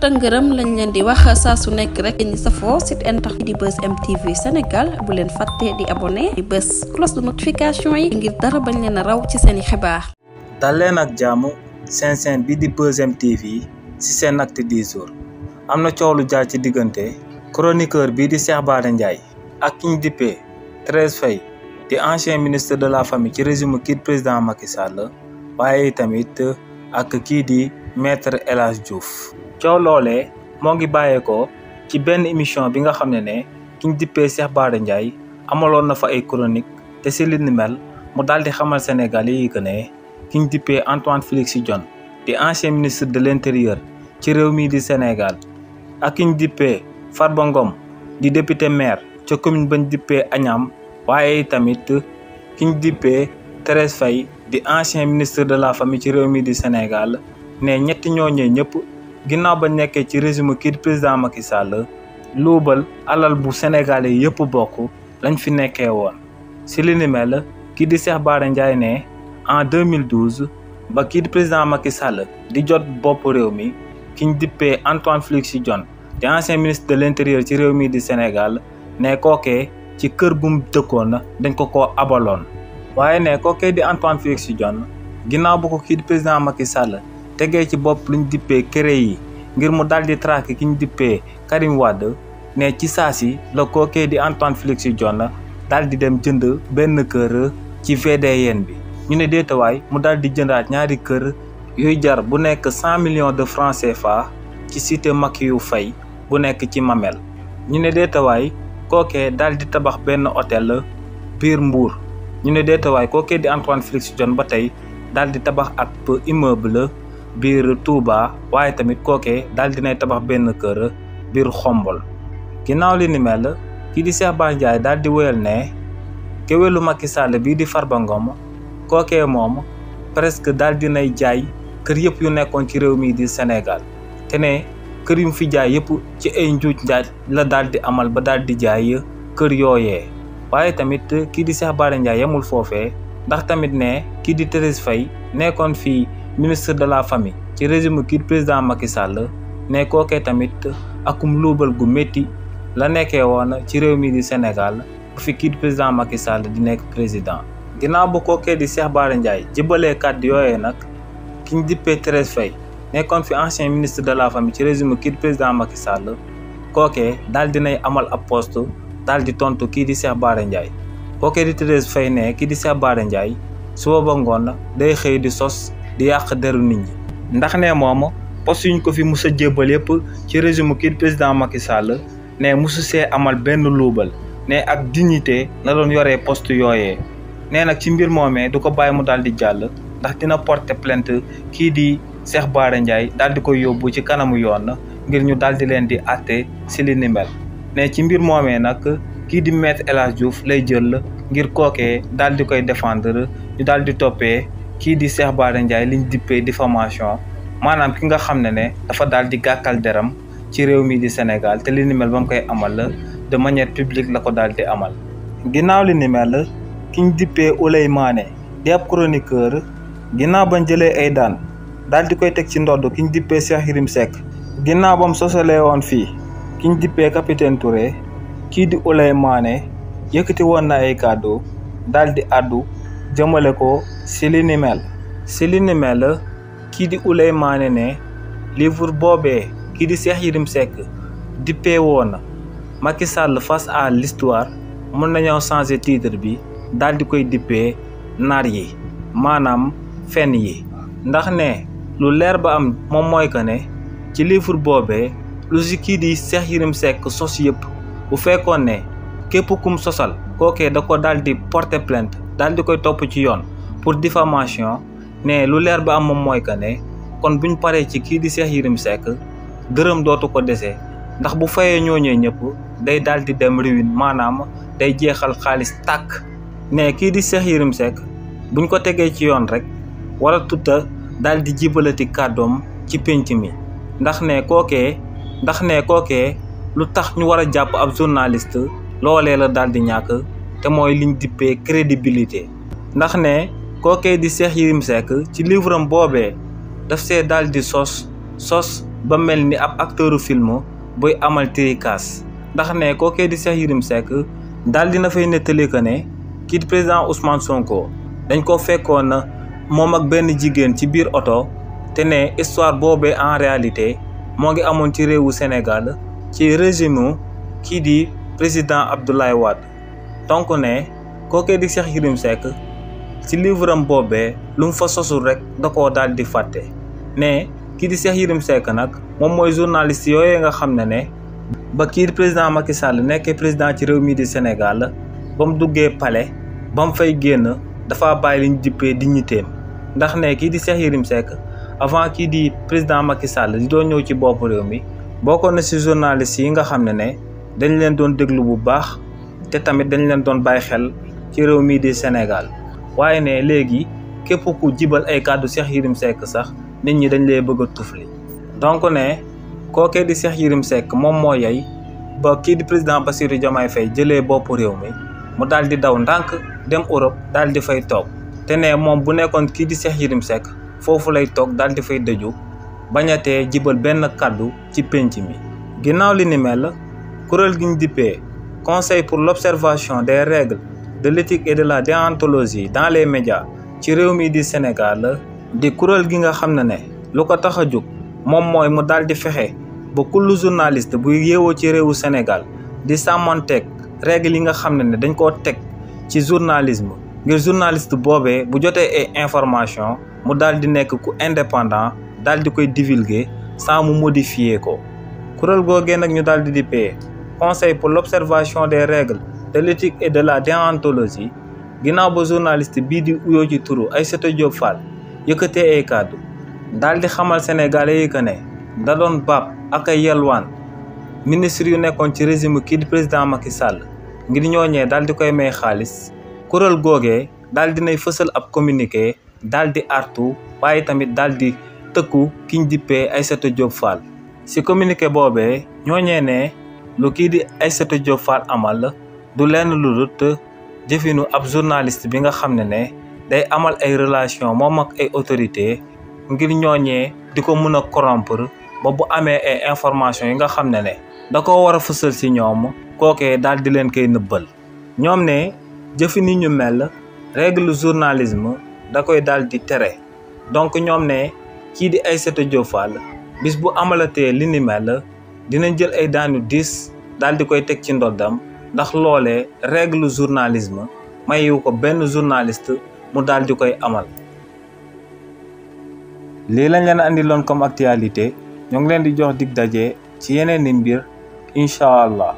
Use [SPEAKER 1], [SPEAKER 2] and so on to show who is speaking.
[SPEAKER 1] tëngërëm lañ leen di wax saa su nekk rek ni safoo site internet di bës mtv sénégal bu leen fàtte di abonné di bës cloche de notification yi ngir dara bañ leen a raw ci seeni xibaar dal ak seen seen bi di bës mtv si seen acte 10 jours am na coow lu ci diggante chroniqueur bii di Cheikh Bade Ndiaye ak ki ñu dippee Thérèse fay di ancien ministre de la famille ci régime kii président Macky Sall waaye tamit ak kii di maître El Hadj Diouf coow loolee moo ngi bàyyeekoo ci benn émission bi nga xam ne ne kiñ dippee Cheikh Bara Ndiaye amaloon na fa ay chronique te si mel mu daal di xamal Sénégal yi que ne kiñ dippee Antoine Félix Diome di ancien ministre de l'intérieur ci réew mii di Sénégal ak kiñ dippee Farba Ngom di député maire ca commune bañ dippee añam waaye tamit kiñ dippee Thérèse Faye di ancien ministre de la famille ci réew mii di Sénégal ne ñetti ñooñee ñëpp ginnaaw ba nekkee ci régime kii président Macky Sall luubal alal bu sénégalais yëpp bokk lañ fi nekkee woon si li ni mel kii di Cheikh Bara Ndiaye ne en 2012 ba kii président Macky Sall di jot bopp réew mi kiñ dippee Antoine Félix Diome di ancien ministre de l'intérieur ci réew mii di Sénégal ne kookee ci kër bu mu dëkkoon dañ ko ko abaloon waaye ne kookee di Antoine Félix Diome ginnaaw bu ko kii président Macky Sall tegee ci bopp lu luñ dippee kere yi ngir mu daldi traqué ki ñu dippee Karim Wade ne ci saa si la kookee di Antoine Félix Diome daldi dem jënd benn kër ci VDN bi ñu ne déetawaay mu daldi jëndaat ñaari kër yuy jar bu nekk cent millions de francs CFA ci cité Makiyu fay bu nekk ci Mamel ñu ne déetawaay kookee daldi tabax benn hôtel biir Mbour ñu ne déetawaay kookee di Antoine Félix Diome ba tey daldi tabax ab immeuble biir Touba waaye tamit kookee daal tabax benn kër biir Xombol ginnaaw li kii di Cheikh Bara Ndiaye daal di wéyal ne kéwélu Macky Sall bii di Farba Ngom kookee moom presque daal dinay jaay kër yëpp yu nekkoon ci réew mii di Sénégal te kër yu mu fi jaay yëpp ci ay njuuj njaaj la amal ba daal di jaay kër yooyee waaye tamit kii di Cheikh Bara foofee ndax tamit ne kii di Thérèse Faye nekkoon fii ministre de la famille ci régime kii président Macky Sall ne kookee tamit akum luubal gu métti la nekkee woon ci réew mi di Sénégal bu fi kii président Macky Sall di nekk président. ginnaaw ba kookee di Cheikh Bara Ndiaye jëbalee kàddu yooyee nag kiñ ñu dippee Thérèse Faye nekkoon fi ancien ministre de la famille ci régime kii président Macky Sall kookee daal dinay amal ab poste daal di tontu kii di Cheikh Bara Ndiaye kookee di Thérèse Faye ne kii di Cheikh Bara Ndiaye suba ba ngoon di sos. di yàq deru nit ñi ndax ne moom poste yuñ ko fi mus a jébbal yëpp ci régime kii président Macky Sall ne musu see amal benn luubal ne ak dignité na doon yoree poste yooyee nee nag ci mbir moomee du ko bàyyi mu daal di jàll ndax dina porter plainte kii di Cheikh Bara Ndiaye daal di koy yóbbu ci kanamu yoon ngir ñu daal di leen di àtte si li ni ne ci mbir moomee nag kii di maître El Diouf lay jël ngir kookee daal di koy défendre ñu daal di toppee kii di Cheikh Bara Ndiaye liñ dippee diffamation maanaam ki nga xam ne ne dafa daal di gàkkal deram ci réew mi di Sénégal te li ni ba mu koy amal la de manière publique la ko daal di amal. ginnaaw li ni mel kiñ dippee Ouleymaane di ab chroniqueur ginnaaw bañ jëlee ay daan daal di koy teg ci ndodd kiñ dippee Cheikh Yérim Seck ginnaaw bam sosolee woon fii kiñ dippee capitaine Touré kii di maane yëkkati woon na ay kàddu daal di àddu. jëmale ko ci li ni mel kii di maane ne livre boobee kii di seex Cheikh Yérim Seck woon peewoon Macky sàll face à l'histoire mën nañoo changé titre bi daal di koy dippee nar yi maanaam fenn yi ndax ne lu leer ba am moom mooy que ne ci livre boobee lu si kii di Cheikh Yérim Seck sos yëpp bu fekkoon ne képp kum sosal kookee da ko daal di porter plainte daal di koy topp ci yoon pour diffamation ne lu leer ba am moom mooy que ne kon buñ paree ci kii di Cheikh Yérim Seck dërëm dootu ko desee ndax bu fayee ñooñee ñëpp day daal di dem ruine maanaam day jeexal xaalis tàkk ne kii di Cheikh Yérim Seck buñ ko tegee ci yoon rek war a tuta daal di jibalati kàddoom ci pénc mi ndax ne kookee ndax ne kookee lu tax ñu war a jàpp ab journaliste loolee la daal di ñàkk te moy liñ dippee crédibilité ndax né kookee di Cheikh yirim Seck ci livre am boobee daf di sos sos ba melni ab acteuru film boy amal trikaas ndax ne kookee di Cheikh yirim Seck daal dina fay nettali ko ne ki président Ousmane Sonko dañ ko fekkoon mom ak benn jigéen ci biir auto té né histoire boobee en réalité mo ngi au ci réewu Sénégal ci régime ki di président Abdoulaye Wade donc ne kookee di Cheikh Yérim Seck ci livre am boobee lu mu fa sosul rek da ko daal di fàtte ne kii di Cheikh Yérim Seck nag moom mooy journaliste yooyee nga xam ne ne ba kii président Macky Sall nekkee président ci réew mii di Sénégal ba mu duggee pale ba mu fay génn dafa bàyyi liñ dippee dignitéem ndax ne kii di Cheikh Yérim Seck avant kii di président Macky Sall di doo ñëw ci bopp réew mi bokkoon na ci journaliste yi nga xam ne ne dañ leen doon déglu bu baax te tamit dañ leen doon bàyyi xel ci réew mii di senegal waaye ne léegi képp ku jibal ay kàddu Cheikh Yérim Seck sax nit ñi dañ lay bëgg a tufli donc ne kookee di Cheikh Yérim Seck moom moo yey ba kii di président Bassirou Diomaye fay jëlee boppu réew mi mu daal di daw ndànk dem Europe daal di fay toog te ne moom bu nekkoon kii di Cheikh Yérim Seck foofu lay toog daal di fay dëju bañatee jibal benn kàddu ci pénc mi ginnaaw li ni mel kuréel gi ñu dippee conseil pour l'observation des règles de l'éthique et de la déontologie dans les médias ci réew mi di Sénégal di kuréel gi nga xam ne ne lu ko tax a jóg moom mooy mu daal di fexe ba kullu journaliste buy yéewoo ci réewu Sénégal di sàmmanteeg règle yi nga xam ne ne dañ koo teg ci journalisme ngir journaliste boobee bu jotee ay information mu daal di nekk ku indépendant daal di koy divulguer sans mu modifier ko kuréel googee nag ñu daal di dippee conseil pour l'observation des règles de l'éthique et de la déontologie ginnaaw ba journaliste bii di uyoo ci turu ay Diop Fall yëkkatee ay kàddu daal di xamal sénégalais yi que ne da doon ak ay yelwaan yu nekkoon ci régime kii di président Macky Sall ngir ñooñee daal di koy may xaalis kuréel googe daal di nay fësal ab communiqué daal di artu waaye tamit daal di tëkku kiñ dippee ay Diop Fall si communiqué boobee ñooñee ne lu kii di ay Diop Fall amal du lenn lu dut jëfinu ab journaliste bi nga xam ne ne day amal ay relation moom ak ay autorité ngir ñooñee di ko mën a corrompre ba bu amee ay information yi nga xam ne ne da ko war a fësal ci ñoom kookee daal di leen koy nëbbal ñoom ne jëfi ni ñu mel règle journalisme da koy daal di tere donc ñoom ne kii di ay Diop Fall bis bu amalatee li ni mel dinañ jël ay daan diis daal di koy teg ci ndoddam ndax loole règle journalisme mayu ko benn journaliste mu daal di koy amal. lii lañ leen indiloon loon comme actualité ñoo ngi leen di jox dig daje ci yeneen i mbir incha allah.